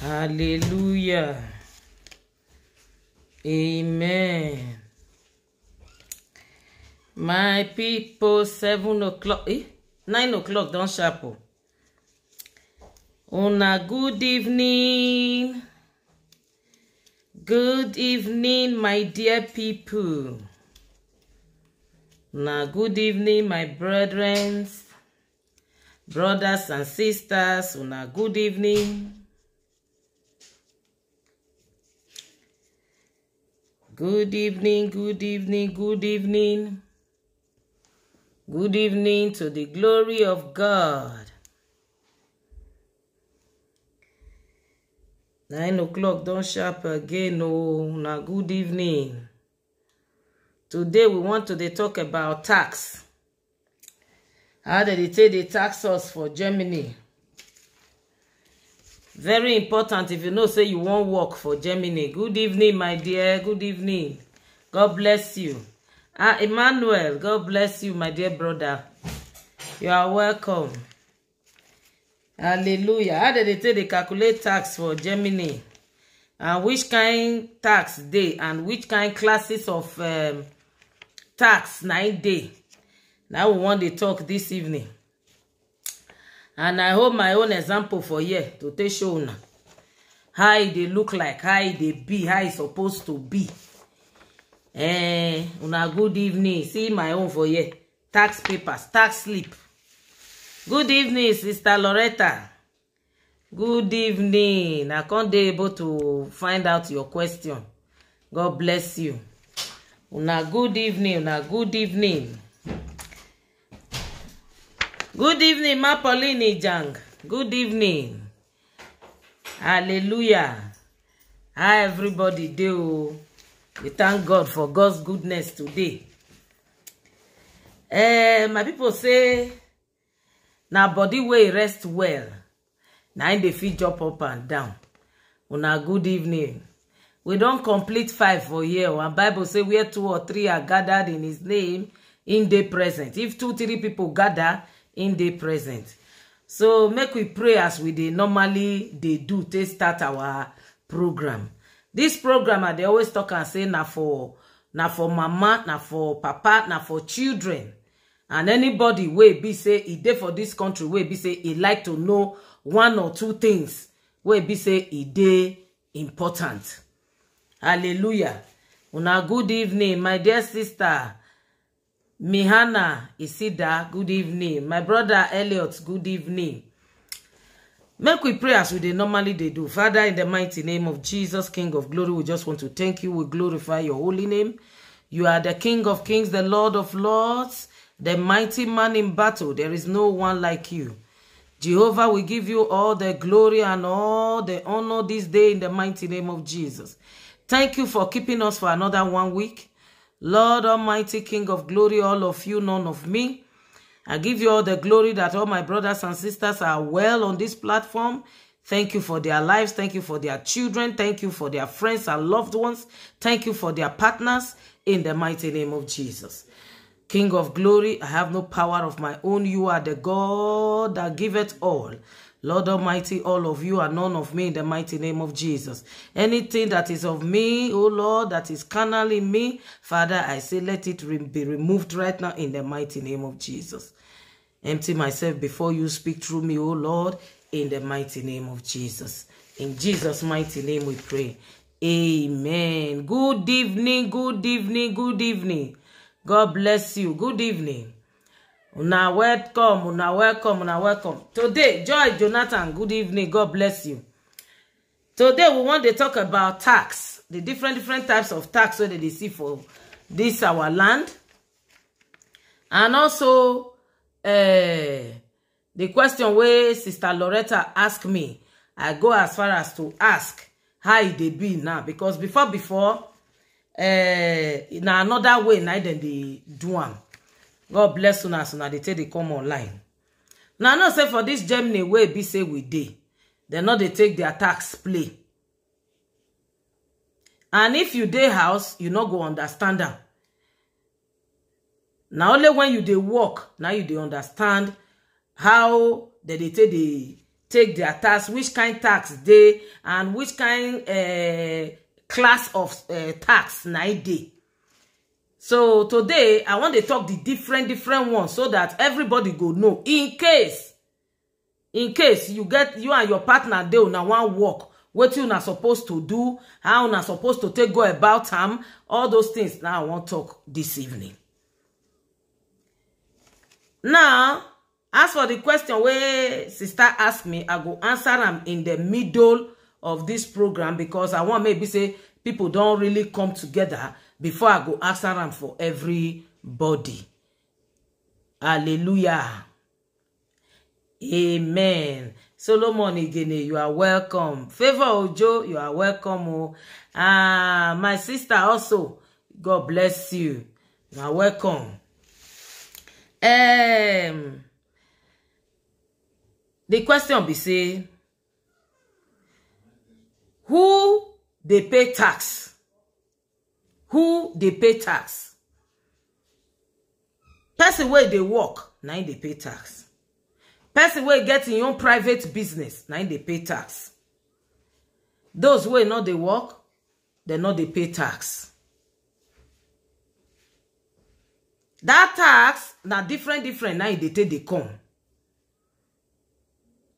Hallelujah. Amen. My people, seven o'clock, eh? Nine o'clock, Don't sharp o. Una good evening. Good evening, my dear people. Now, good evening, my brethren, brothers and sisters. Una good evening. Good evening, good evening, good evening. Good evening to the glory of God. Nine o'clock don't sharp again. Oh, now good evening. Today we want to talk about tax. How did they take dey tax us for Germany? very important if you know say you wan work for germany good evening my dear good evening god bless you ah emmanuel god bless you my dear brother you are welcome hallelujah how dem dey take dey calculate tax for germany and which kind tax dey and which kind classes of um, tax na e dey na we wan dey talk this evening and i hold my own example for here to take show una how they look like how they be how e supposed to be eh una good evening see my own for here tax papers tax slip good evening sister loretta good evening i can't be able to find out your question god bless you una good evening una good evening Good evening, Ma Jang. Good evening. Hallelujah. How everybody do? We thank God for God's goodness today. Uh, my people say, now body wey rest well. Now in the feet, jump up and down. Una good evening. We don't complete five for here. Our Bible say where two or three are gathered in his name, in the present. If two, three people gather, him dey present so make we pray as we dey normally dey do take start our program This program i dey always talk am say na for na for mama na for papa na for children and anybody wey be say e dey for this country wey be say e like to know one or two things wey be say e dey important hallelujah una good evening my dear sister mihana isida good evening my brother elliot good evening make we pray as we dey normally they do father in the mighty name of jesus king of glory we just want to thank you we glorify your holy name you are the king of kings the lord of lords the mighty man in battle there is no one like you jehovah we give you all the glory and all the honor this day in the mighty name of jesus thank you for keeping us for another one week Lord Almighty, King of glory, all of you, none of me. I give you all the glory that all my brothers and sisters are well on this platform. Thank you for their lives. Thank you for their children. Thank you for their friends and loved ones. Thank you for their partners in the mighty name of Jesus. King of glory, I have no power of my own. You are the God that giveth all. Lord Almighty, all of you and none of me in the mighty name of Jesus. Anything that is of me, O oh Lord, that is carnal in me, Father, I say let it re be removed right now in the mighty name of Jesus. Empty myself before you speak through me, O oh Lord, in the mighty name of Jesus. In Jesus' mighty name we pray. Amen. Good evening, good evening, good evening. God bless you. Good evening. una welcome una welcome una welcome today joy jonathan good evening god bless you today we wan dey talk about tax the different different types of tax wey dem dey see for this our land and also uh, the question wey sister loretta ask me i go as far as to ask how e dey be now because before before uh, na another way na dem dey do am god bless una as una dey take dey come online Now i know say for this germany wey e be say we dey they not they take their tax play and if you dey house you not go understand am Now only when you dey work now you dey understand how they dey take dey take their tax which kind tax they and which kind eh, class of eh, tax na e so today i want to talk the different different ones so that everybody go know in case in case you get you and your partner dey una walk. What you una supposed to do how una supposed to take go about am all those things Now i wan talk this evening now as for the question where sister ask me i go answer them. in the middle of this program because i want maybe say people don't really come together before i go answer them for everybody hallelujah amen solomon igene you are welcome Favor ojo you are welcome Oh, ah my sister also god bless you you are welcome um, the question be say who they pay tax who dey pay tax person wey dey work na im dey pay tax person wey get im own private business na im dey pay tax those wey no dey work dem no dey pay tax That tax na different different na e dey take dey come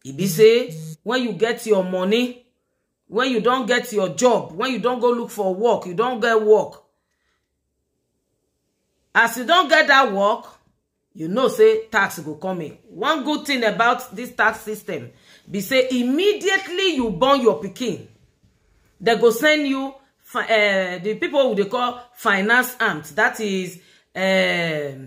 e be say when you get your money when you don't get your job when you don't go look for work you don't get work as you don't get that work you know say tax go come in one good thing about this tax system be say immediately you burn your pikin they go send you eh, the people who they call finance amt That is a eh,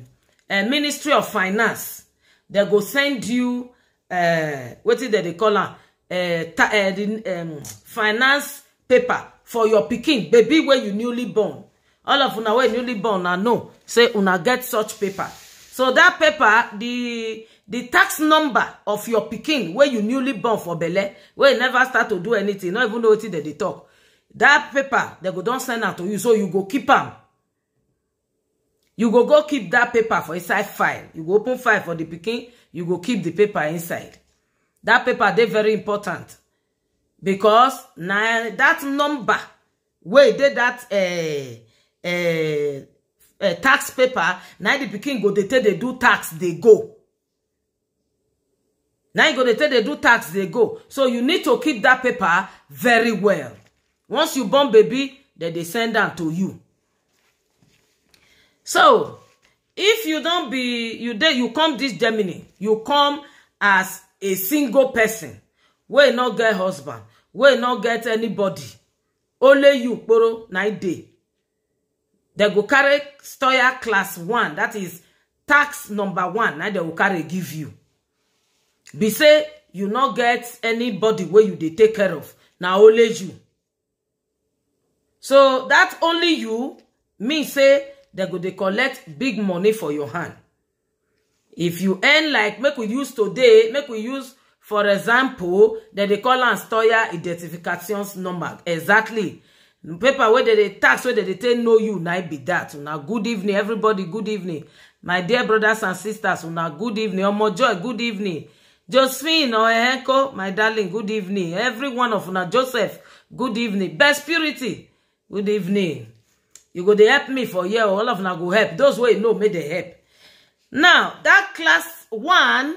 eh, ministry of finance They go send you uh, is that they call am Eh, ta, uh, the, um, finance paper for your pikin baby where you newly born all of una wey newly born I know say una get such paper so that paper the the tax number of your pikin where you newly born for belle wey never start to do anything not even know what they they talk That paper they go don't send out to you so you go keep them. you go go keep that paper for inside file you go open file for the pikin you go keep the paper inside That paper they very important because now that number where they wey dey dat eh, eh, eh, tax paper now the picking go they tell they do tax they go now you go they tell they do tax they go so you need to keep that paper very well once you born baby dem dey send am to you so if you don't be you there you come this germany you come as a single person wey no get husband wey no get anybody only you kporo na e dey dem go carry stoya class one that is tax number one na dem go carry give you be say you no get anybody wey you dey take care of na only you so that only you mean say dem go dey collect big money for your hand if you earn like make we use today make we use for example that they call am stoya identification number exactly paper where they tax where they dey take know you na be that. Now good evening everybody good evening my dear brothers and sisters Now good evening omo joy good evening josephine oyenko oh, eh, my darling good evening every one of now joseph good evening best purity good evening you go They help me for year. all of now go help those way no make they help now that class one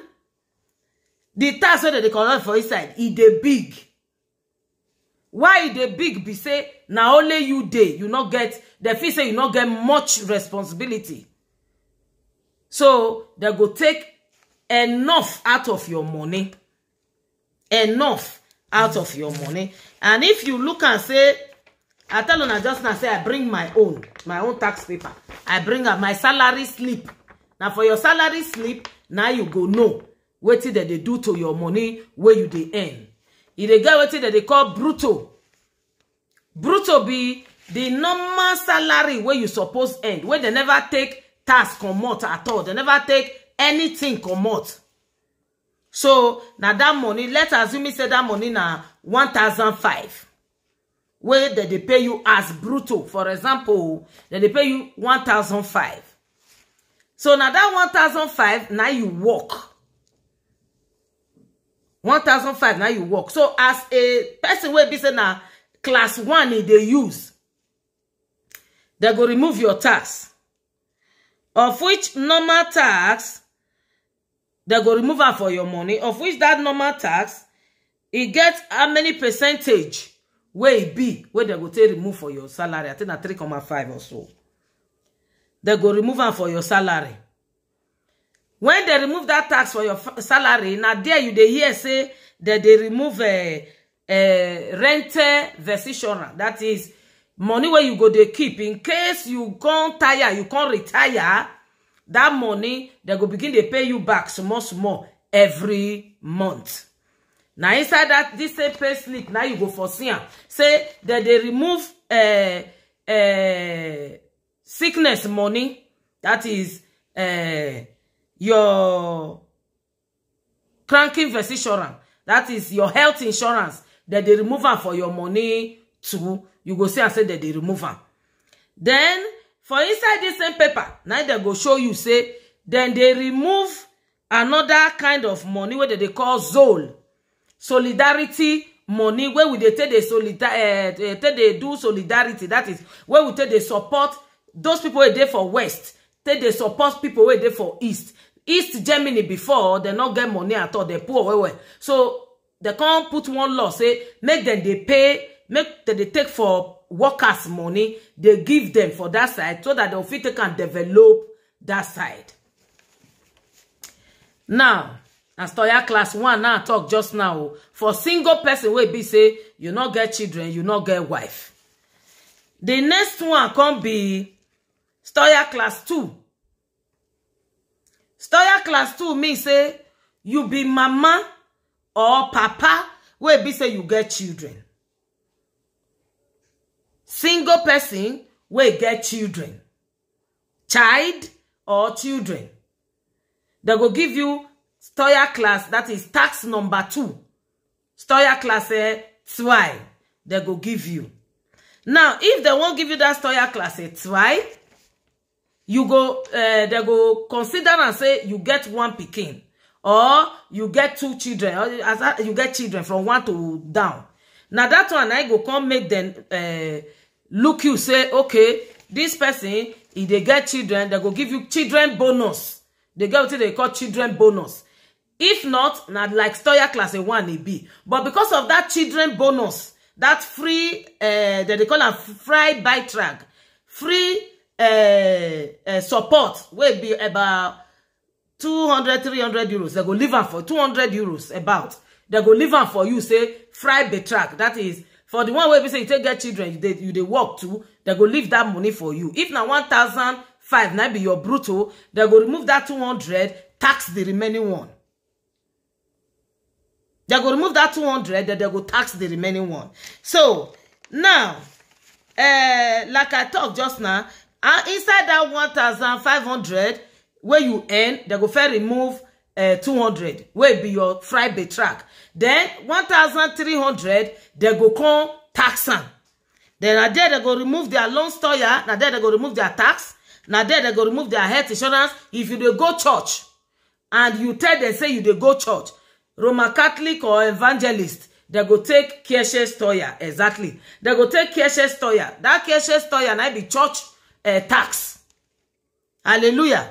the task that they dey collect for inside it e dey big why e dey big be say na only you day, you not get the fee. say you not get much responsibility so they go take enough out of your money enough out of your money and if you look and say i tell on just now say i bring my own my own tax paper i bring up my salary slip Now for your salary slip now you go know wetin that they do to your money where you dey earn e dey get wetin that they call brutal, brutal be the normal salary where you suppose end. Where they never take tax comot at all They never take anything comot so now that money let's assume say that money now one thousand five wey dem dey pay you as brutal. for example dem dey pay you one thousand five so now that 1005 now you work 1005 now you walk. so as a person wey be say na class one they e use they go remove your tax of which normal tax they go remove out for your money of which that normal tax it e gets how many percentage where e be where they go take remove for your salary i think na 3.5 or so They go remove am for your salary When they remove that tax for your salary now there you they hear say that they remove a eh, eh, rente vestitionary that is money where you go They keep in case you can't tire you can't retire That money they go begin dey pay you back small small every month Now inside that this same pay slip na you go for see say that they remove uh, uh, sickness money that is uh, your cranking insurance that is your health insurance that they remove her for your money too you go see and say that they remove her. then for inside this same paper now they go show you say Then they remove another kind of money wey they call zol solidarity money Where we dey eh, eh, take dey do solidarity that is where we take dey support those people were there for west They dey support people were there for east east germany before they not get money at all They poor well well so they can't put one law say make them they pay make dem they take for workers money They give them for that side so that the fit can develop that side now as toya class one now talk just now for single person will be say you not get children you not get wife The next one come be Stoya class 2. Stoya class 2 means say you be mama or papa where be say you get children. Single person where get children. Child or children. They go give you Stoya class, that is tax number 2. Stoya class eh 2. They go give you. Now, if they won't give you that Stoya class 2, eh, you go uh, they go consider and say you get one pikin or you get two children or as a, you get children from one to down Now that one I go come make them uh, look you say okay this person if they get children they go give you children bonus they get wetin they call children bonus if not na like story class a one A B. but because of that children bonus that free uh, eh, dem dey call a fry by track free uh, support will be about 200 300 euros They go leave am for 200 euros about they go leave am for you say fry the track that is for the one where be say you take get children you they work to. They go leave that money for you if na 1005 na be your brutal They go remove dat 200 tax the remaining one They go remove dat 200 then they go tax the remaining one so now uh, like i talk just now and inside that 1500 where you earn they go first remove uh, 200 wey be your friday track then 1300 they go come tax am then na there they go remove their loan stoyer Now there they go remove their tax Now there they go remove their health insurance if you dey go church and you tell them say you dey go church roman catholic or evangelist they go take kieshe stoyer exactly They go take kieshe stoyer that kieshe stoyer na e be church uh, tax hallelujah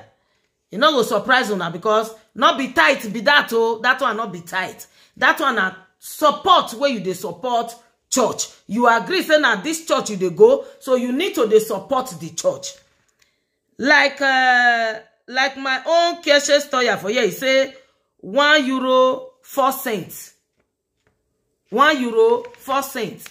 e no go surprise una because not be tight be that oh that one not be tight that one na support where you they support church you agree say at this church you they go so you need to they support the church like uh, like my own cashier story for here he say one euro four cents one euro four cents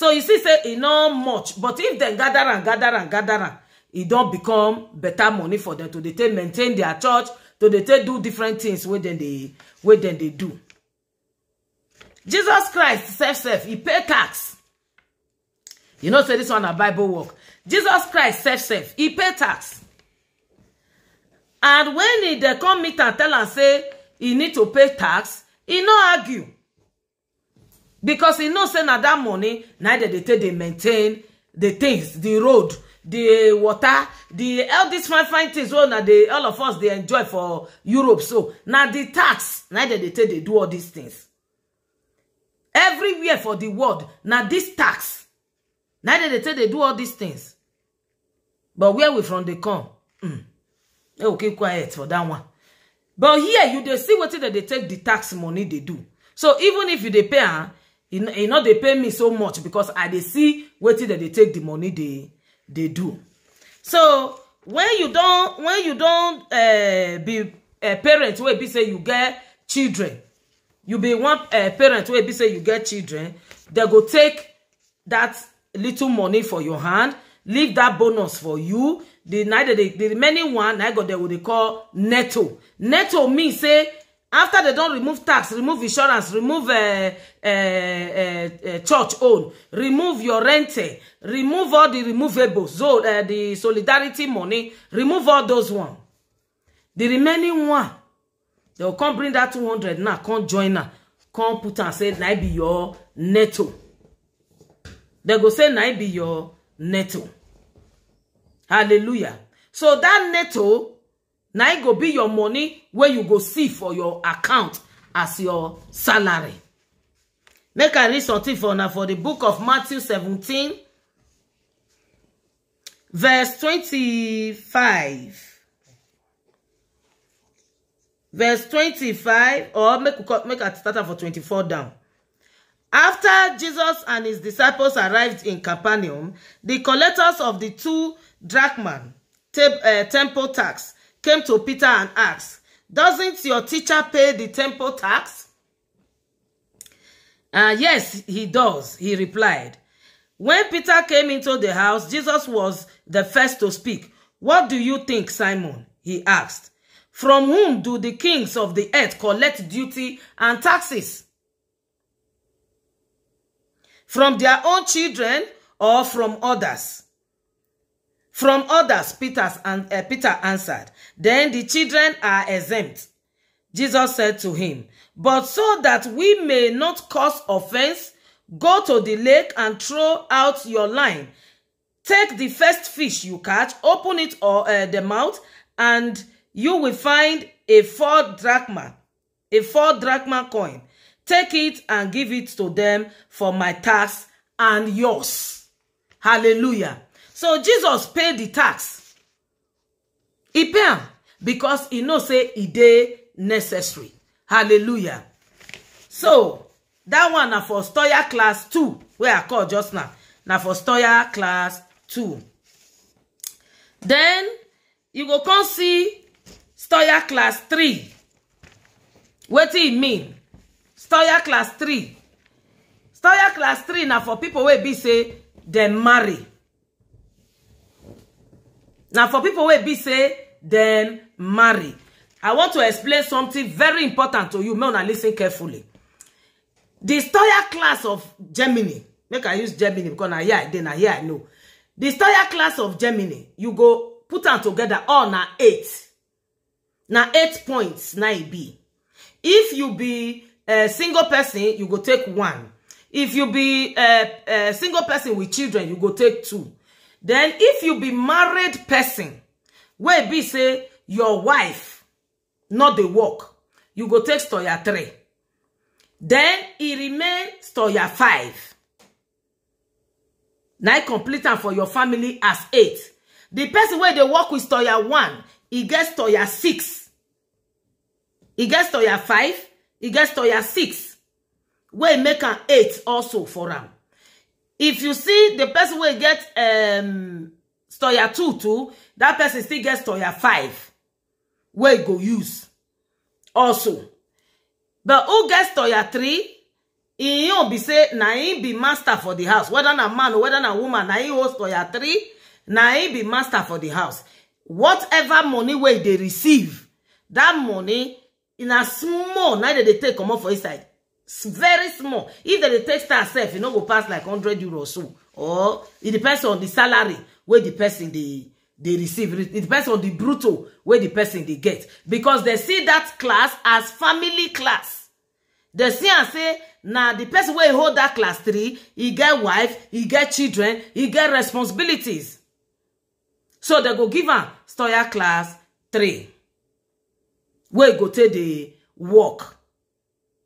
so you see say e no much but if they gather and gather and gather it e don't become better money for them to dey take maintain their church to dey take do different things where dem they where dem they do jesus christ sef "Self, he pay tax you know say this one a bible work jesus christ sef "Self, he pay tax and when he they come meet and tell and say he need to pay tax he no argue because e know say na dat money na dem dey take dey maintain the things the road the water the all these fine fine things wey oh, na dey all of us dey enjoy for europe so na the tax na dem dey take dey do all these things everywhere for the world na this tax na dem dey take dey do all these things but where we from dey come mm. oh keep quiet for that one but here you dey see wetin dem dey take the tax money dey do so even if you dey pay am ah, e e no dey pay me so much because i dey see wetin dem dey take the money dey dey do so when you don when you don uh, be uh, parent wey be say you get children you be one uh, parent wey be say you get children dem go take that little money for your hand leave that bonus for you the na the the remaining one na go dey we dey call netto netto mean say after they don't remove tax remove insurance remove uh, uh, uh, uh, church own remove your rent remove all the removables so uh, the solidarity money remove all those one the remaining one they will come bring that 200 now come join am come put and say na be your netto they go say na be your netto hallelujah so that netto Now e go be your money where you go see for your account as your salary make i read something for now for the book of matthew 17 verse 25 verse 25 or make make i start for 24 down after jesus and his disciples arrived in capernaum the collectors of the two drachman uh, eh, temple tax came to Peter and asked, Doesn't your teacher pay the temple tax? Uh, yes, he does, he replied. When Peter came into the house, Jesus was the first to speak. What do you think, Simon? He asked. From whom do the kings of the earth collect duty and taxes? From their own children or from others? From others, Peter's and, uh, eh, Peter answered, Then the children are exempt. Jesus said to him, But so that we may not cause offense, go to the lake and throw out your line. Take the first fish you catch, open it or uh, the mouth, and you will find a four drachma, a four drachma coin. Take it and give it to them for my tax and yours. Hallelujah so jesus paid the tax He pay because he know say e day necessary hallelujah so that one na for stoya class two wey i call just now Now for stoya class two. Then you go come see stoya class three. What do you mean stoya class three? stoya class three now for people where be say dem marry Now, for people who be say then marry i want to explain something very important to you may una listen carefully The steuer class of germany make i use germany because na here i dey na here i know The steuer class of germany you go put them together all now eight Now eight points na e be if you be a single person you go take one if you be a single person with children you go take two then if you be married person where be say your wife not the work you go take stoya three. then he remain stoya five. Now e complete and for your family as eight. the person where dey work with stoya one, he gets stoya six. He gets stoya five. He gets stoya 6 wey make an eight also for am if you see the person will get um, stoya two two that person still gets stoya five Where go use also but who gets stoya three e own be say na him be master for the house whether na man or whether na woman na him hold stoya three na him be master for the house whatever money where they receive that money in a small na they dey take comot for inside very small if they dey take star sef e no go pass like hundred euros. or so or e depends on the salary where the person they they receive it depends on the brutal where the person they get because they see that class as family class They see and say now the person where hold that class three he get wife he get children he get responsibilities so they go give her stoya class three Where go take the work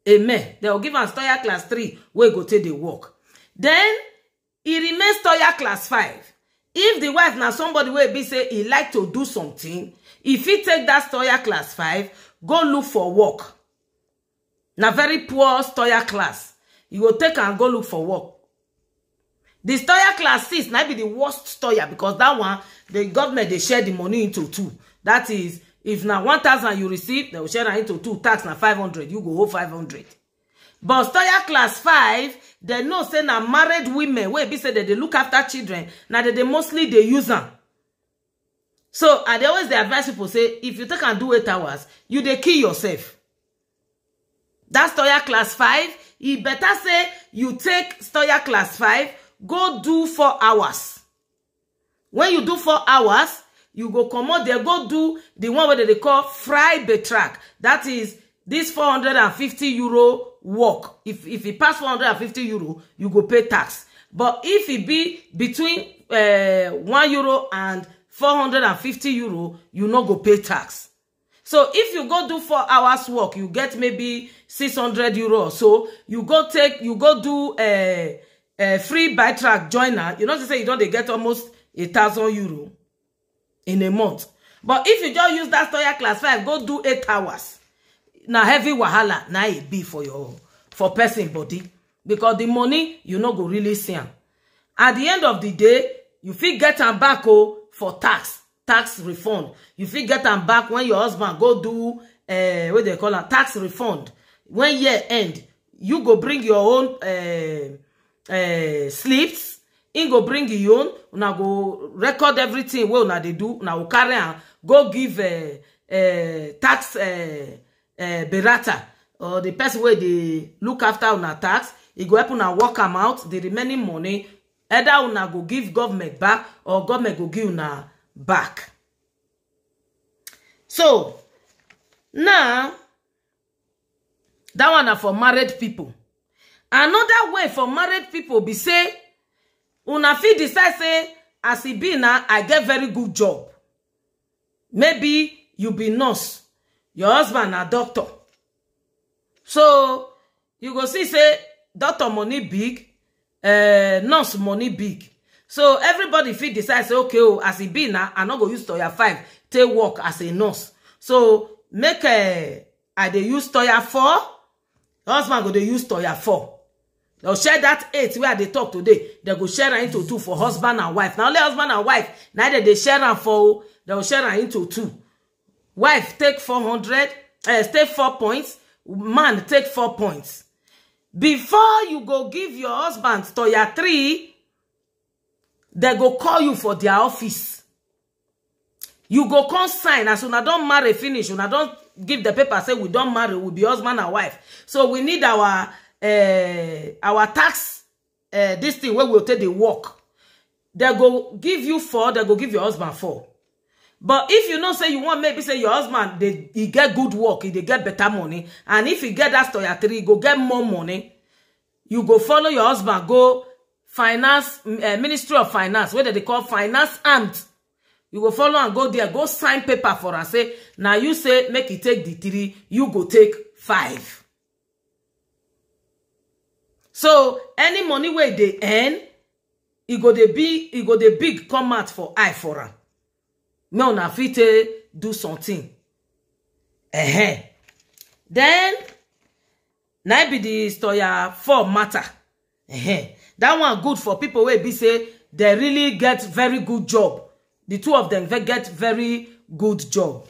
amen They will give us stoya class 3 where go take the work Then he remains stoya class 5 if the wife now somebody wey be say he like to do something if he take that stoya class 5 go look for work Now very poor stoya class you will take and go look for work The stoya class 6 na be the worst stoya because that one the government they share the money into two that is if na one thousand you receive dem share na into two tax na five hundred, you go hold hundred. but stoya class five, dem know say na married women wey be say dem dey look after children na dem dey mostly dey use am so i dey always dey advise people say if you take am do eight hours you dey kill yourself That stoya class five, e better say you take stoya class five, go do four hours when you do four hours you go comot there go do the one where they dey call fry betrack that is this 450 euro work if if it e pass 450 euro you go pay tax but if it e be between uh, eh, 1 euro and 450 euro you no go pay tax so if you go do four hours work you get maybe 600 euro or so you go take you go do a uh, eh, eh, free by track joiner you know say you don't. They get almost a thousand euro in a month but if you just use that story class 5 go do 8 hours Now heavy wahala Now it e be for your for person body because the money you no go really see am at the end of the day you feel get am back oh for tax tax refund you feel get am back when your husband go do uh, what they call am tax refund when year end you go bring your own uh, uh, slips him go bring him own una go record everything wey una dey do una go carry am go give uh, uh, tax uh, eh, uh, berata or the person wey dey look after una tax e go help una work am out the remaining money either una go give government back or government go give una back so now that one na for married people another way for married people be say una fit decide say as e be na i get very good job maybe you be nurse your husband na doctor so you go see say doctor money big eh, nurse money big so everybody fit decide say okay oh as e be na i no go use toya five take work as a nurse so make eh, i dey use toya four, husband go dey use toya four. They'll share that eight where they talk today. They go share it into two for husband and wife. Now only husband and wife. Neither they share am for they'll share it into two. Wife take four hundred, uh, take four points. Man take four points. Before you go give your husband to your three, they go call you for their office. You go come sign as una don't marry finish. When I don't give the paper say we don't marry. We be husband and wife. So we need our uh, our tax uh, this thing where we take the work they go give you four they go give your husband four but if you know say you want, maybe say your husband dey e get good work he dey get better money and if he get that stoya three e go get more money you go follow your husband go finance uh, ministry of finance wey dem dey call finance amt you go follow and go there go sign paper for am say Now you say make it take the three you go take five so any money where they earn e go the e big come out for eye for am No, na fit eh, do something Eh -huh. then na be the story for matter -huh. That one good for people where be say they really get very good job The two of dem get very good job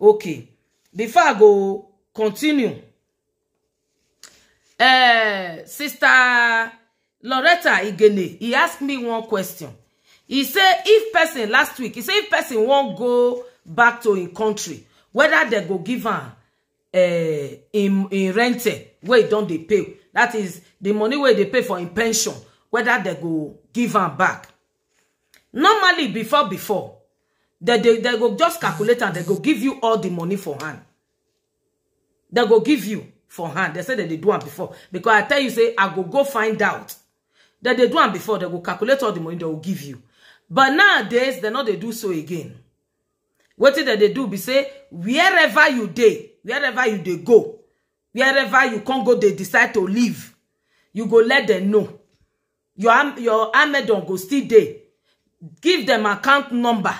okay before i go continue uh, Sister Loretta Igene, he asked me one question. He said, if person, last week, he said, if person won't go back to his country, whether they go give him uh, eh, in, in rent, where don't they pay. That is the money where they pay for in pension, whether they go give him back. Normally, before, before, they, they, they go just calculate and they go give you all the money for hand. They go give you for hand. They said that they do it before. Because I tell you, say, I go go find out. That they do it before, they go calculate all the money they will give you. But nowadays, they know they do so again. What did they do? Be say, wherever you day, wherever you they go, wherever you can't go, they decide to leave. You go let them know. Your, your Amazon go still day. Give them account number.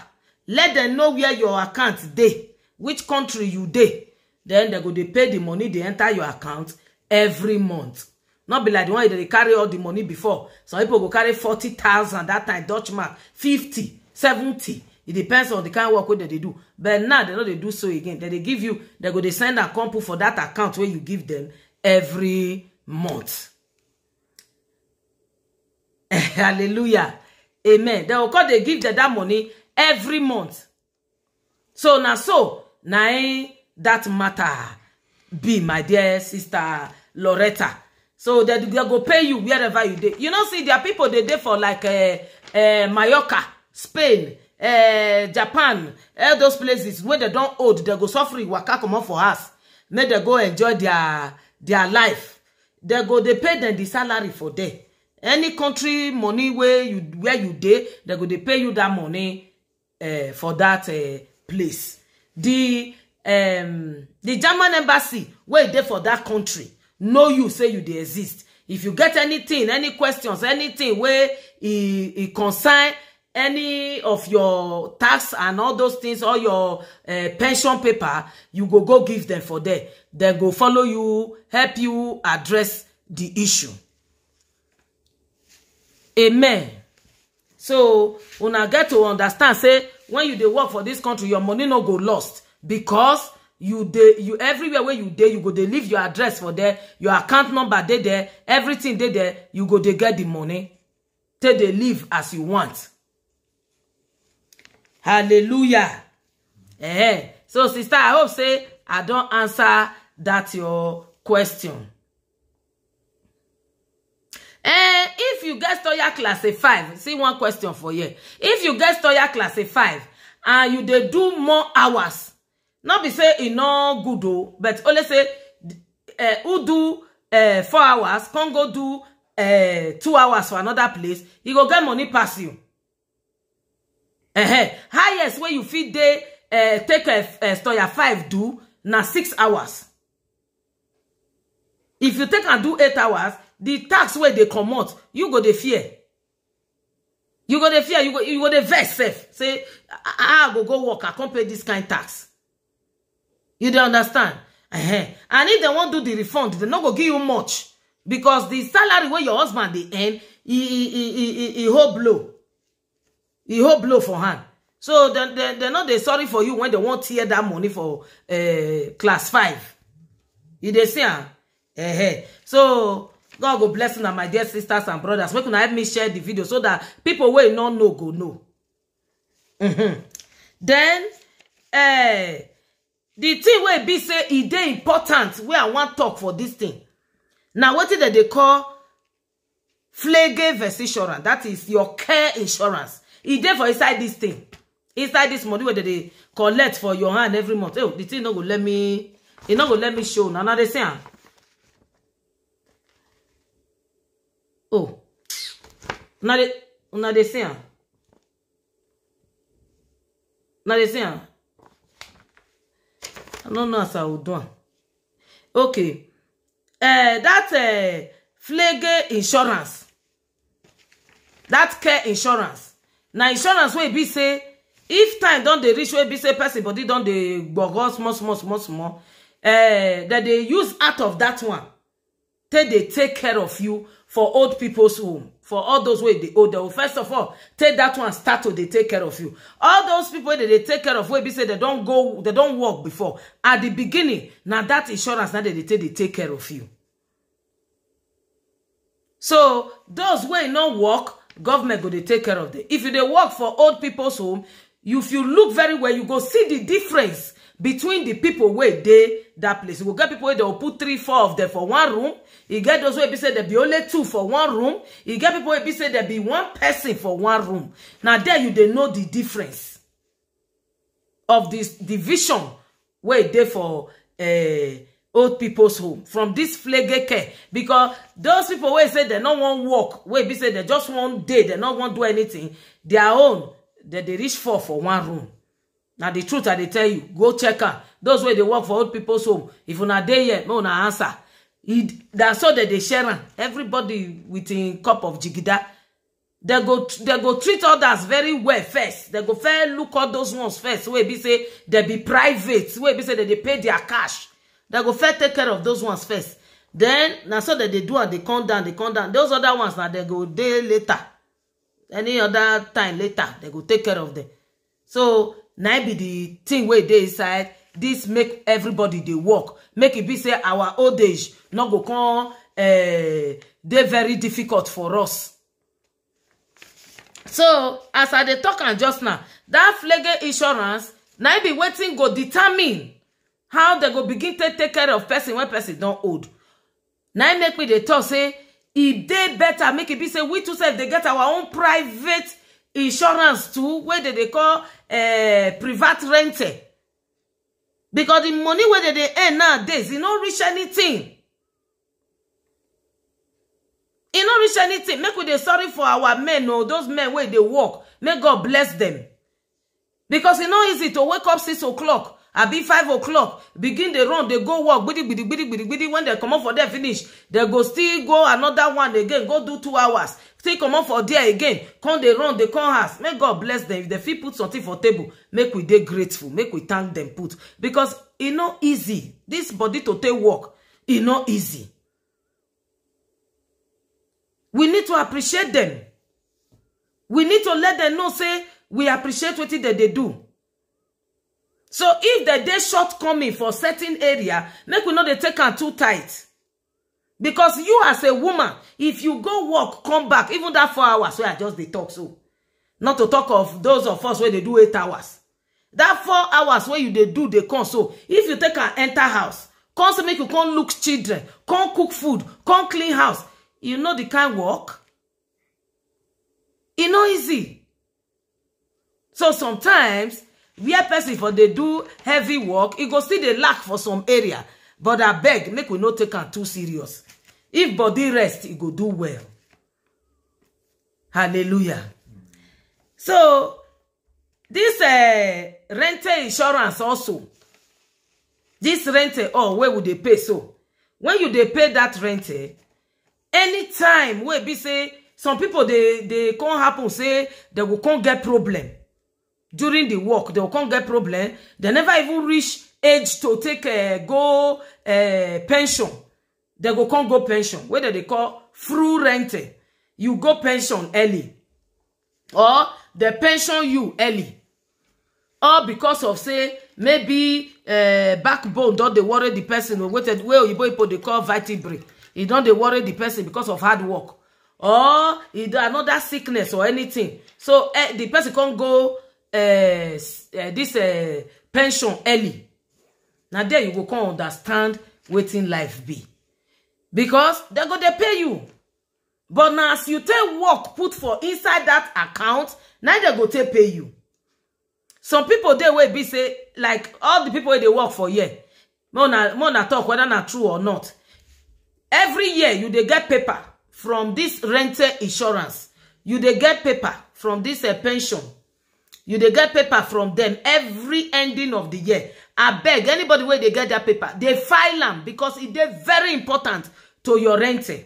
Let them know where your account day, which country you day then they go They pay the money They enter your account every month not be like the one they carry all the money before some people go carry forty thousand that time dutch mark 50 70 it depends on the kind of work wey they do but now they no They do so again Then they give you They go They send a compu for that account wey you give them every month hallelujah amen They go come they give dem that money every month so now so na that matter be my dear sister loretta so they they go pay you wherever you dey you know see dia people dey dey for like uh, mallorca spain uh, japan all those places wey dem don old dem go suffer waka comot for house make dem go enjoy their their life dem go dey pay dem the salary for there any country money wey you where you dey dem go dey pay you that money for that dat place di um, the german embassy wey e dey for that country know you say you dey exist if you get anything any questions anything wey e e concern any of your tax and all those things all your uh, pension paper you go go give them for there They go follow you help you address the issue amen so una get to understand say when you dey work for this country your money no go lost because you dey you everywhere wey you dey you go dey leave your address for there your account number dey there everything dey there you go dey get the money take dey live as you want hallelujah eh so sister i hope say i don answer that your question eh if you get stoya class a five see one question for here if you get stoya class a five and you dey do more hours not be say e no good o but only say uh, who do uh, four hours can go do uh, two hours for another place He go get money pass you uh -huh. highest where you feed dey uh, take a uh, stoya five do na six hours if you take and do eight hours the tax wey dey comot you go the fear you go the fear you go you go dey vex sef say i ah, ah, i go go work i can't pay this kind tax you don't understand -huh. and if they won't do the refund dem no go give you much because the salary wey your husband dey earn he hold blow he hold blow for hand so they they dem not they sorry for you when they won't hear that money for eh, class five you dey see am -huh. so god go bless una my dear sisters and brothers make una help me share the video so that people wey e not know go know mm-hmm. then eh the thing wey be say e dey important wey i wan talk for this thing na wetin dem dey call flege vs that is your care insurance e dey for inside this thing inside this money wey dem dey collect for your hand every month oh the thing no go let me e no go let me show na na dey say am oh una dey una dey see am una dey see am I don't know I would do. Okay. Uh, that uh, Flege insurance. That care insurance. Now insurance wey be say if time don dey reach wey be say person body don dey gbogbo small small small small uh, that they use out of that one take dey take care of you for old people's home for all those wey they owe dem first of all take that one start to dey take care of you all those people wey they take care of wey be say they don't go they don't work before at the beginning Now that insurance na dem they take care of you so those wey not work government go they take care of them if you dey work for old people's home if you look very well you go see the difference between the people where they. That place you go get where they will put three four of them for one room You get those where people say there be only two for one room You get people where people say there be one person for one room Now there you they know the difference of this division where e dey for eh, old people's home from this flege care because those people where e say they no want work where people say they just wan dey dem no wan do anything their own that they reach for for one room Now the truth i they tell you go check am those wey dey work for old people's home if una dey here make una answer na so dem dey share am everybody with im cup of jigida dem go go treat others very well first dem go first look all those ones first wey be say dem be private wey be say dem dey pay their cash dem go first take care of those ones first then na so dem dey do am dey come down dey come down those other ones na dem go dey later any other time later dem go take care of them. so na be the thing wey dey inside This make everybody dey work make e be say our old age no go come uh, dey very difficult for us so as i dey talk am just now that flege insurance na be wetin go determine how dem go begin take take care of person when person don old na im make me dey talk say e dey better make e be say we too sef dey get our own private insurance too wey dem dey call uh, private renting because the money where they dey earn nowadays e don't reach anything e don't reach anything make we dey sorry for our men or oh, those men where they work may god bless them, because it's not easy to wake up six o'clock abi five o'clock begin dey run dey go work gbidigbidi gbidigbidi when dem comot for there finish dem go still go another one again go do two hours still comot for there again come dey run dey come house make god bless dem if dem fit put something for table make we dey grateful make we thank dem put because e no easy this body to take work e no easy we need to appreciate dem we need to let dem know say we appreciate wetin dem dey do so if dem dey shortcoming for certain area make we know they take her too tight because you as a woman if you go work come back even that four hours where i just they talk so not to talk of those of us where they do eight hours that four hours where you they do the come so if you take am enter house come make you come look children come cook food come clean house you know the kind work You e know easy so sometimes where person for dey do heavy work e go still dey lack for some area but abeg make we no take am too serious if body rest e go do well hallelujah so this uh, rental insurance also this rental eh, oh wey we dey pay so when you dey pay that rental eh, anytime wey be say some people dey dey come happen say dem go come get problem during the work they will come get problem they never even reach age to take uh, go uh, pension they go come go pension whether they call through renting you go pension early or they pension you early or because of say maybe uh, backbone don they worry the person or wetin wey oyibo people they call vertebrae You don't they worry the person because of hard work or e do another sickness or anything so uh, the person can't go uh, uh, this uh, pension early Now there you go come understand wetin life be because dem go dey pay you but na as you take work put for inside that account na dem go take pay you some people dey will be say like all the people wey dey work for here more na more na talk whether not true or not every year you they get paper from this rental insurance you they get paper from this uh, pension you dey get paper from them every ending of the year I beg anybody where they get that paper they file them because it e dey very important to your renting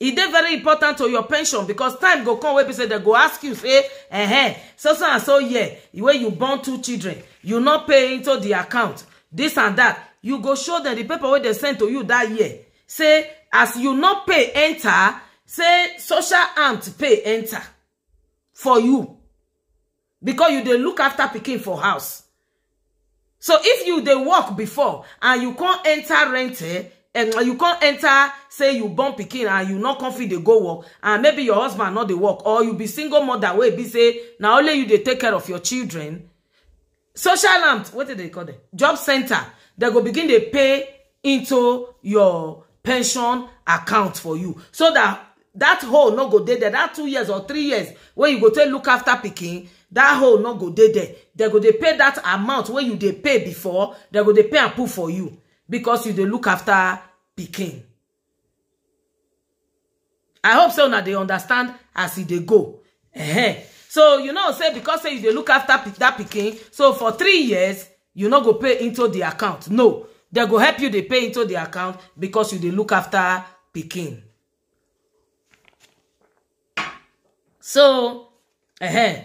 It e dey very important to your pension because time go come where they go ask you say eh so so and so year Where you born two children you not pay into the account This and that, you go show them the paper where they sent to you that year say as you not pay enter say social arms pay enter for you because you dey look after pikin for house so if you dey work before and you con enter rent eh and you con enter say you born pikin and you no come fit dey go work and maybe your husband no dey work or you be single mother wey be say na only you dey take care of your children social lamp wetin dey call dem job center dem go begin dey pay into your pension account for you so that That hole no go dey there That two years or three years when you go take look after picking, that hole no go dey there They go dey pay that amount when you dey pay before They go dey pay and put for you because you dey look after picking. i hope say una dey understand as e dey go -huh. so you know say because say you dey look after that picking. so for three years you no go pay into the account no they go help you dey pay into the account because you dey look after picking. so uh-huh.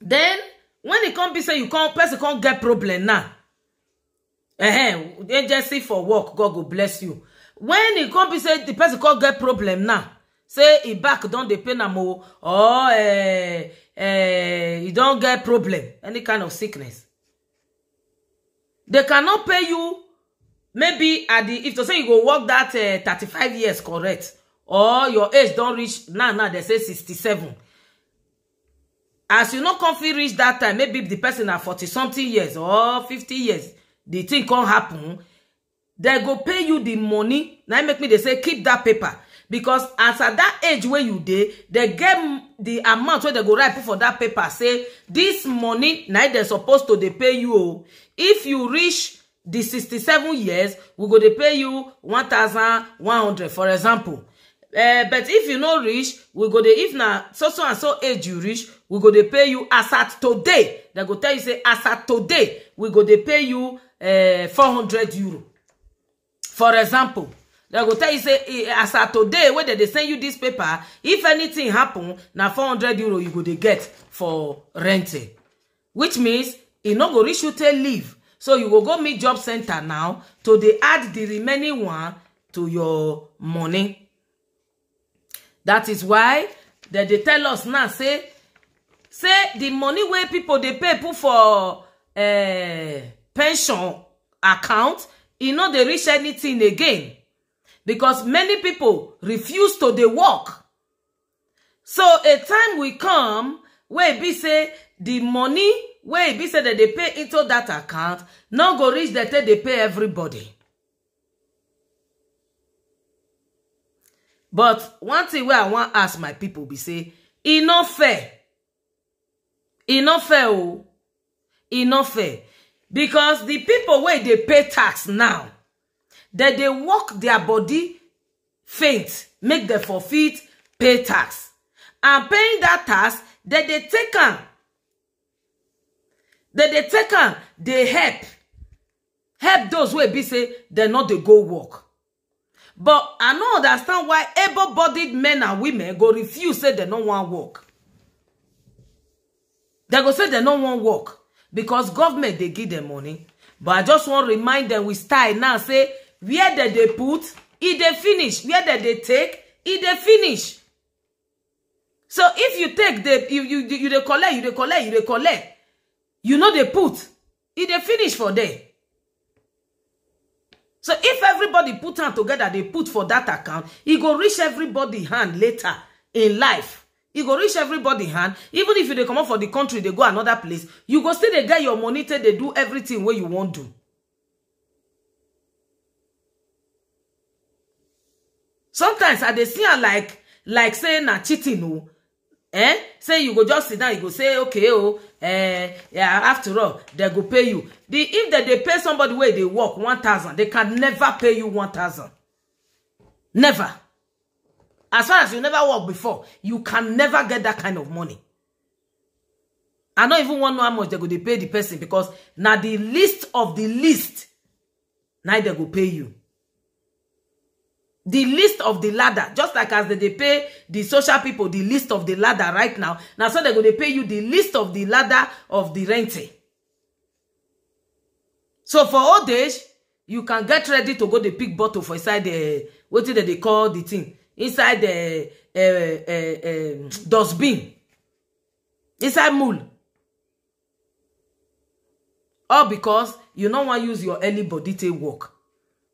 then when e come be say you come person come get problem now uh-huh. agency for work god will bless you when e come be say the person come get problem now say he back don't depend pain am o or eh, eh, e don't get problem any kind of sickness they cannot pay you maybe at the if to say you go work that uh, eh, 35 years correct or your age don't reach now now they say 67 as you no come fit reach that time maybe the person na 40 something years or 50 years the thing con happen They go pay you the money Now make me They say keep that paper because as at dat age where you dey they get the amount where they go write for that paper say this money now im supposed to they pay you oh. if you reach di 67 years we go dey pay you 1100 for example Eh, but if you no reach we go dey if na so so and so age you reach we go dey pay you as at today dem go tell you say as at today we go dey pay you eh, four hundred euro for example dem go tell you say eh, as at today wey dem dey send you dis paper if anything happen na four hundred euro you go dey get for renting which means e no go reach you take leave so you go go meet job center now to dey add the remaining one to your money that is why dem they tell us now say say the money where people they pay put for eh, pension account e no dey reach anything again because many people refuse to the work so a time will come wey e be say the money wey e be say that they pay into that account no go reach that they dey pay everybody. but one thing where i wan ask my people be say e no fair e no fair oh, e no fair because the people where they pay tax now that they walk their body faint make dem forfeit, pay tax and paying that tax that they take am dem dey take am dey help help those where be say dem not the go work but i don't understand why able bodied men and women go refuse say they don't want work They go say they don't want work because government they give them money but i just wan remind them we style now say where did they put If e they finish where did they take If e they finish so if you take the you you you dey collect you dey collect you dey collect you know they put If e they finish for there so if everybody put hand together they put for that account e go reach everybody hand later in life e go reach everybody hand even if they come comot for the country they go another place you go still dey get your money take dey do everything where you wan do sometimes i they see am like like saying na cheating oh eh say you go just sit down you go say okay oh eh yeah, after all dem go pay you the if dem dey pay somebody wey dey work one thousand they can never pay you one thousand never as far as you never work before you can never get that kind of money i no even wan know how much dem go dey pay the person because na the least of the least na dem go pay you the list of the ladder just like as they dey pay the social people the list of the ladder right now Now, so they're go dey pay you the list of the ladder of the renting so for all days, you can get ready to go dey pick bottle for inside the what dem they call the thing inside the uh, uh, uh, dustbin inside mule all because you no wan use your early body to work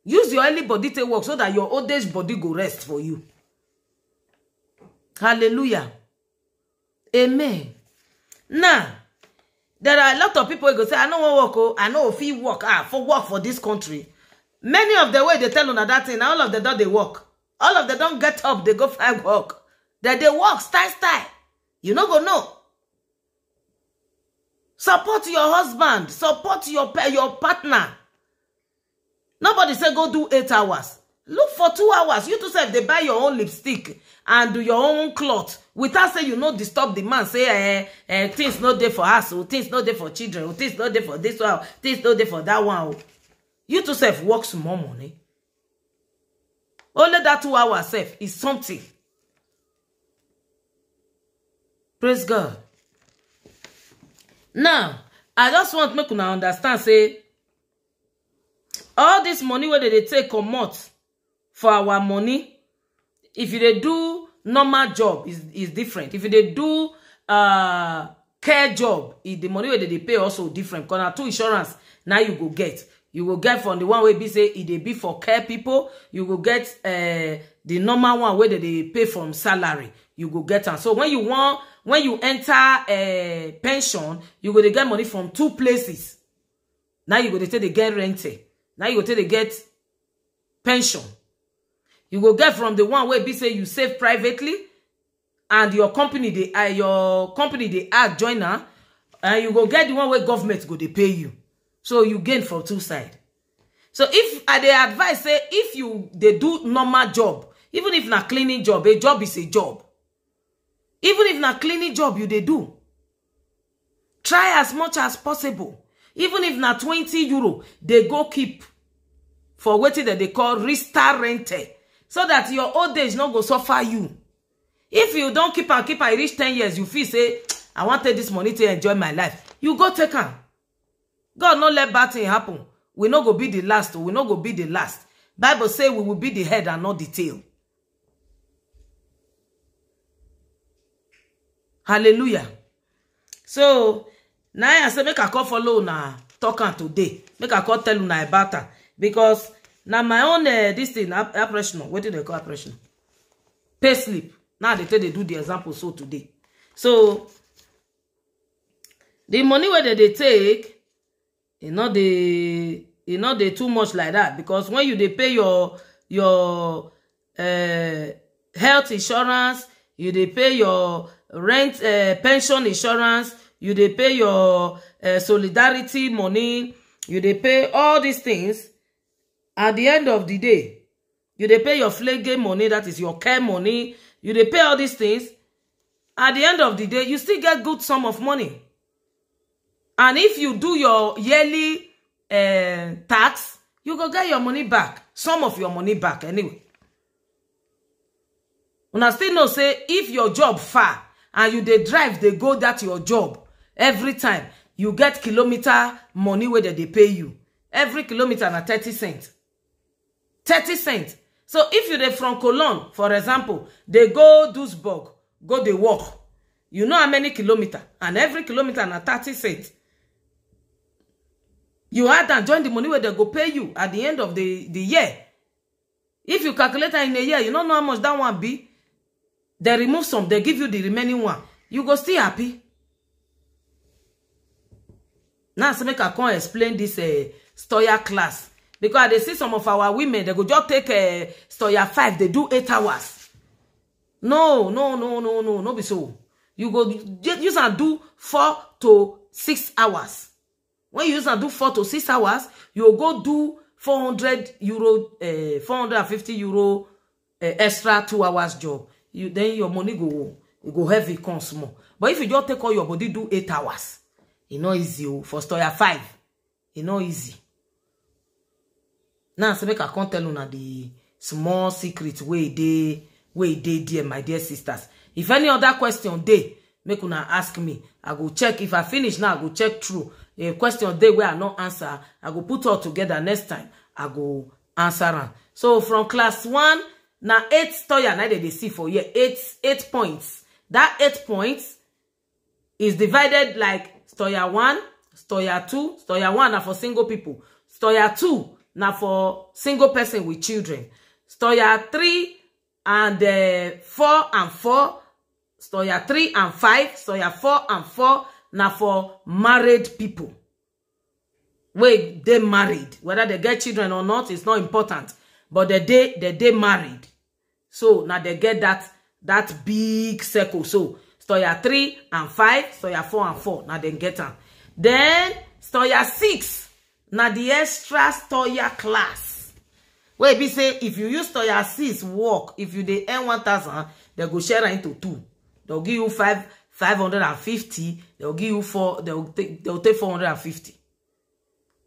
use your early body to work so that your old age body go rest for you hallelujah amen now there are a lot of people who go say i no wan work oh i know no fit work ah for work for this country many of the way they tell una dat thing all of the don they work all of dem don't get up They go find work That they work style style you no go know support your husband support your your partner nobody say go do eight hours look for two hours you too sef they buy your own lipstick and do your own cloth without say you no disturb the man say eh eh things not there for us. o things not there for children o things not there for this one things not there for that one you too sef work more money only that two hours sef is something praise god now i just want make una understand say all this money where they take take comot for our money if you they do normal job is is different if you dey do uh, care job the money where they pay also different because na two insurance now you go get you will get from the one wey be say e be for care people you will get eh, the normal one where they pay from salary you go get am so when you want when you enter eh, pension you go dey get money from two places now you go to take the get rented Now you go take dey get pension you go get from the one where be say you save privately and your company they uh, your company they add joiner, and you go get the one where government go they pay you so you gain from two side so if i dey advise say if you they do normal job even if na cleaning job a job is a job even if na cleaning job you they do try as much as possible even if na 20 euro they go keep for wetin that they call rista rente so that your old days not go suffer you if you don't keep and keep am e reach 10 years you feel say i wan this money to enjoy my life you go take her. god no let bad thing happen we no go be the last we no go be the last bible say we will be the head and not the tail hallelujah so na i say make i call follow una uh, talk am today make i call tell una about am because na my own uh, this thing operation wetin dem call operation pay slip now dey take dey do the example so today so the money wey dem dey take e no dey e no dey too much like that because when you dey pay your your uh, health insurance you dey pay your rent uh, pension insurance you dey pay your uh, solidarity money you dey pay all these things at the end of the day you dey pay your flege money that is your care money you dey pay all these things at the end of the day you still get good sum of money and if you do your yearly uh, tax you go get your money back some of your money back anyway When I still know say if your job far and you dey drive they go that your job every time you get kilometer money where they pay you every kilometer na 30 cent 30 cent so if you're from cologne for example they go duisburg go they walk. you know how many kilometer and every kilometer na 30 cent you add and join the money where they go pay you at the end of the the year if you calculate am in a year you don't know how much that one be They remove some they give you the remaining one you go still happy now say make i come explain dis uh, stoya class because they see some of our women they go just take a uh, stoya five they do eight hours no no no no no no be so you go you just do four to six hours when you just do four to six hours you go do 400 euro 450 uh, euro extra two hours job then your money go go heavy come small but if you just take all your body do eight hours e no easy Oh, for story five e no easy now so make i come tell una the small secret way they way they dear my dear sisters if any other question dey make una ask me i go check if i finish now i go check through a question they wey i no answer i go put all together next time i go answer am so from class one now eight stoya Now they dey see for here eight eight points that eight points is divided like stoya one stoya two stoya one na for single people stoya two na for single person with children stoya three and uh, four and four stoya three and five stoya four and four na for married people wey they married whether they get children or not is not important but the day the day married so now they get that that big circle so stoya 3 and 5 stoya 4 and 4 Now then get am Then stoya 6 Now the extra stoya class wey e be say if you use stoya 6 work if you dey earn 1000 they go share into two They'll give you 5 550 They'll give you 4 They'll take They'll take 450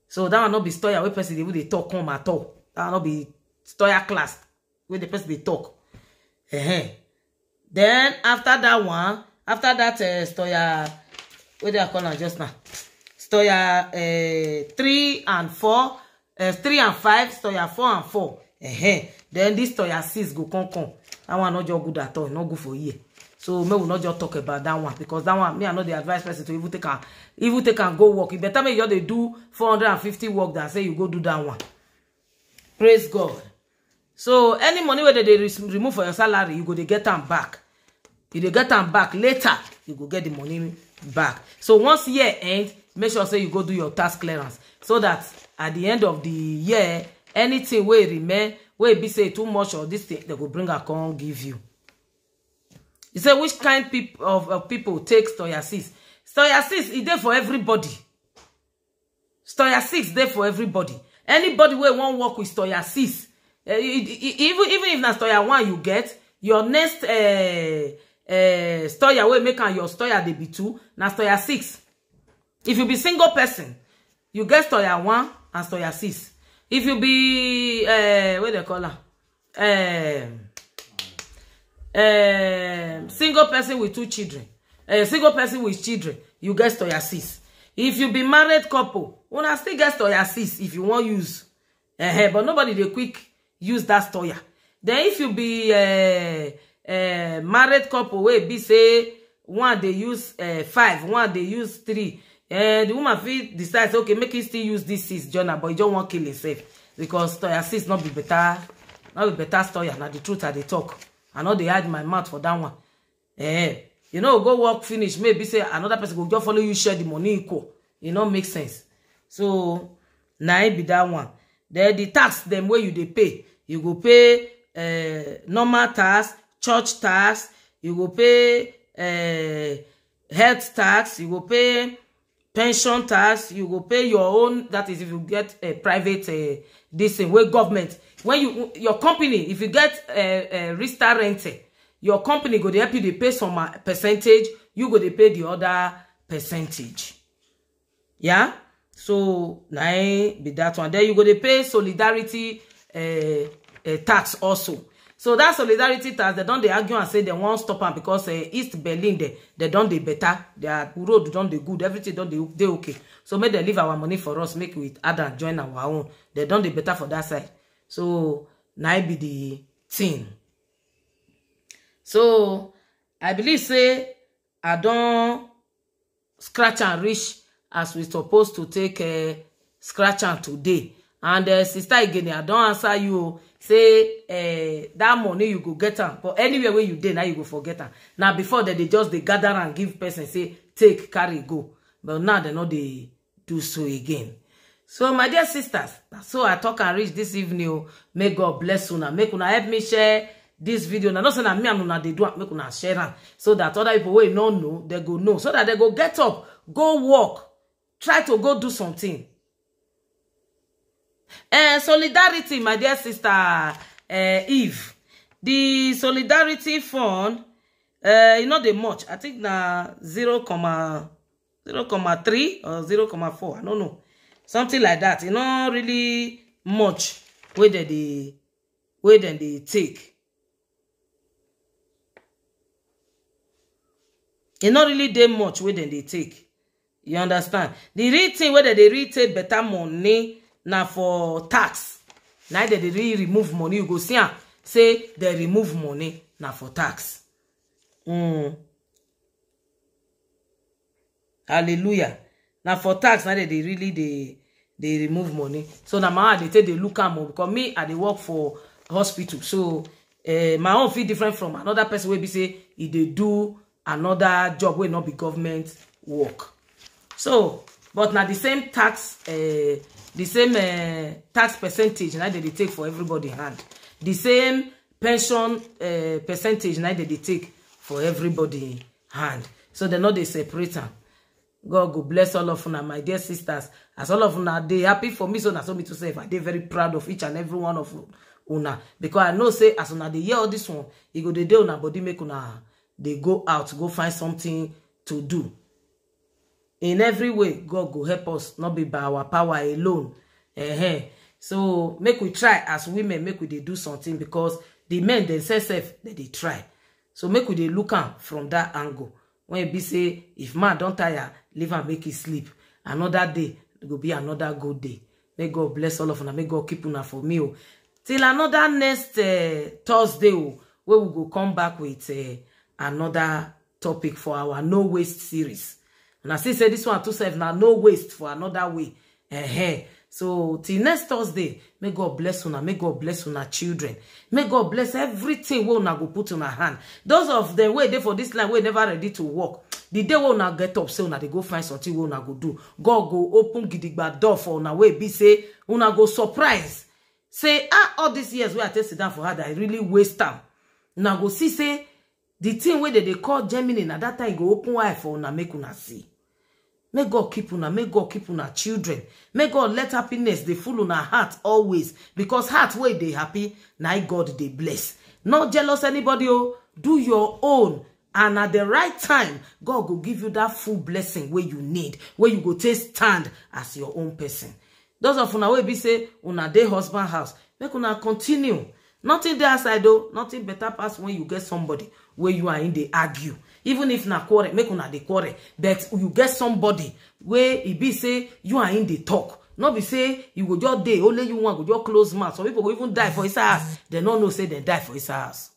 so that will not be stoya wey person they would they talk come at all That will not be stoya class Where the person they talk uh -huh then after that one after that uh, stoya wey dey i call am just now stoya uh, three and four uh, three and five stoya four and four uh -huh. then this stoya six go con con. that one not just good at all not good for you. so make will not just talk about that one because that one me i no the advice person to even take am even take and go work You better make you they do four hundred and fifty work than say you go do that one praise god so any money whether they remove for your salary you go to get them back you get them back later you go get the money back so once year ends, make sure say you go do your tax clearance so that at the end of the year anything wey remain wey be say too much or this thing they will bring am come give you you say which kind people of, of people take psoriasis psoriasis e dey for everybody psoriasis there for everybody anybody where won't work with psoriasis uh, eh, e, e, e, even even if na psoria one you get your next uh, Eh, store your way make am your stoya dey be two store your six if you be single person you get store your one and store your six if you be uh, eh, wey dem call am uh, uh, single person with two children uh, single person with children you get store your six if you be married couple when I still get store your six if you want use uh, but nobody dey quick use that store. then if you be uh, Eh, married couple wey be say one dey use eh, five one dey use three eh, the woman fit decide say okay make him still use this six journal but e just wan kill himself because story six not be better not be better story na the truth i dey talk i no dey hide my mouth for that one eh you know go work finish maybe say another person go just follow you share the money equal e no make sense so na it be that one then the tax dem wey you dey pay you go pay normal tax church tax you go pay uh, health tax you go pay pension tax you go pay your own that is if you get a private uh, this way government when you your company if you get uh, eh, uh, restart renting your company go dey help you dey pay some percentage you go dey pay the other percentage yeah so na e be that one then you go dey pay solidarity uh, uh, tax also so that solidarity tax dem don dey argue and say they won't stop because becos eh, east berlin they they don't dey better. Their road don't dey good everything they dey okay so may they leave our money for us make we add am join our own They don't dey better for that side so now e be the thing. so i believe say i don't scratch and reach as we supposed to take a eh, scratch and today and eh, sister again, i don't answer you say eh that money you go get am but anywhere where you dey now you go forget am Now before that they just they gather and give person say take carry go but now they no they do so again so my dear sisters so i talk and reach this evening o oh. may god bless you una make una help me share this video Now not say na me and una they do am make una share am so that other people wey not know they go know so that they go get up go walk, try to go do something Uh, solidarity, my dear sister uh, Eve. The solidarity fund, uh, you know the much. I think na 0, 0, 0.3 or 0, 0.4. I don't know. Something like that. You know, really much where did they where did they take. It's e not really that much Where dem dey take you understand the real thing wey dem dey really take better money na for tax na e dem dey remove money you go see am say dem remove money na for tax mm. hallelujah na for tax na e dem dey really dey dey remove money so na my own i dey take dey look am o oh, because me i dey work for hospital so uh, my own feel different from another person wey be say e dey do another job wey no be government work so but na the same tax uh, the same uh, tax percentage now that they take for everybody hand the same pension uh, percentage now that they take for everybody hand so dem no dey separate am god go bless all of una my dear sisters as all of una they happy for me so na so me too sef i dey very proud of each and every one of una because i know say as una they hear all this one e go dey dey una body make una dey go out go find something to do in every way god go help us not be by our power alone uh-huh. so make we try as women make we dey do something because the men themselves sef dem dey try so make we dey look am from that angle when e be say if man don't tire leave am make e sleep another day e go be another good day may god bless all of una may god keep una for me o oh. till another next uh, thursday o oh, wey we go come back with uh, another topic for our no waste series I see say this one to self now no waste for another way. Uh-huh. So till next Thursday, may God bless una, may God bless una children. May God bless everything we una go put in our hand. Those of them way there for this line, we never ready to walk. The day we una get up, say una they go find something we una go do. God go open gidigba door for una way be say una go surprise. Say ah all these years we are testing down for her that I really waste time. Una go see say the thing where they, they call Germany na that time e go open wide for una make una see may god keep una may god keep una children may god let happiness dey full una heart always because heart wey they happy na god they bless Not jealous anybody Oh, do your own and at the right time god will give you that full blessing where you need where you go take stand as your own person those of una way be say una dey husband house make una continue nothing there aside. o nothing better pass when you get somebody where you are in the argue even if na quarrel make una dey quarrel but you get somebody wey e be say you and him dey talk no be say you go just dey only you one go just close mouth some people go even die for his house dem no know say dem die for his house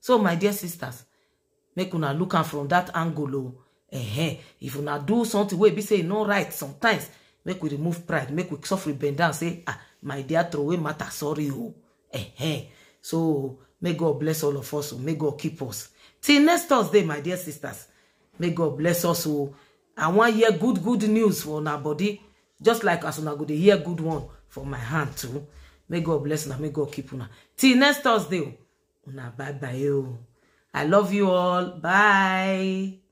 so my dear sisters make una look am from that angle o uh-huh. if una do something wey e be say e no right sometimes make we remove pride make we suffer bend down say ah my dear throwaway matter sorry o uh-huh. so may god bless all of us o oh. may god keep us Till next Thursday, my dear sisters. May God bless us all. I want to hear good, good news for our body. Just like as una go dey hear good one for my hand too. May God bless and May God keep you. Till next Thursday. Una bye bye. I love you all. Bye.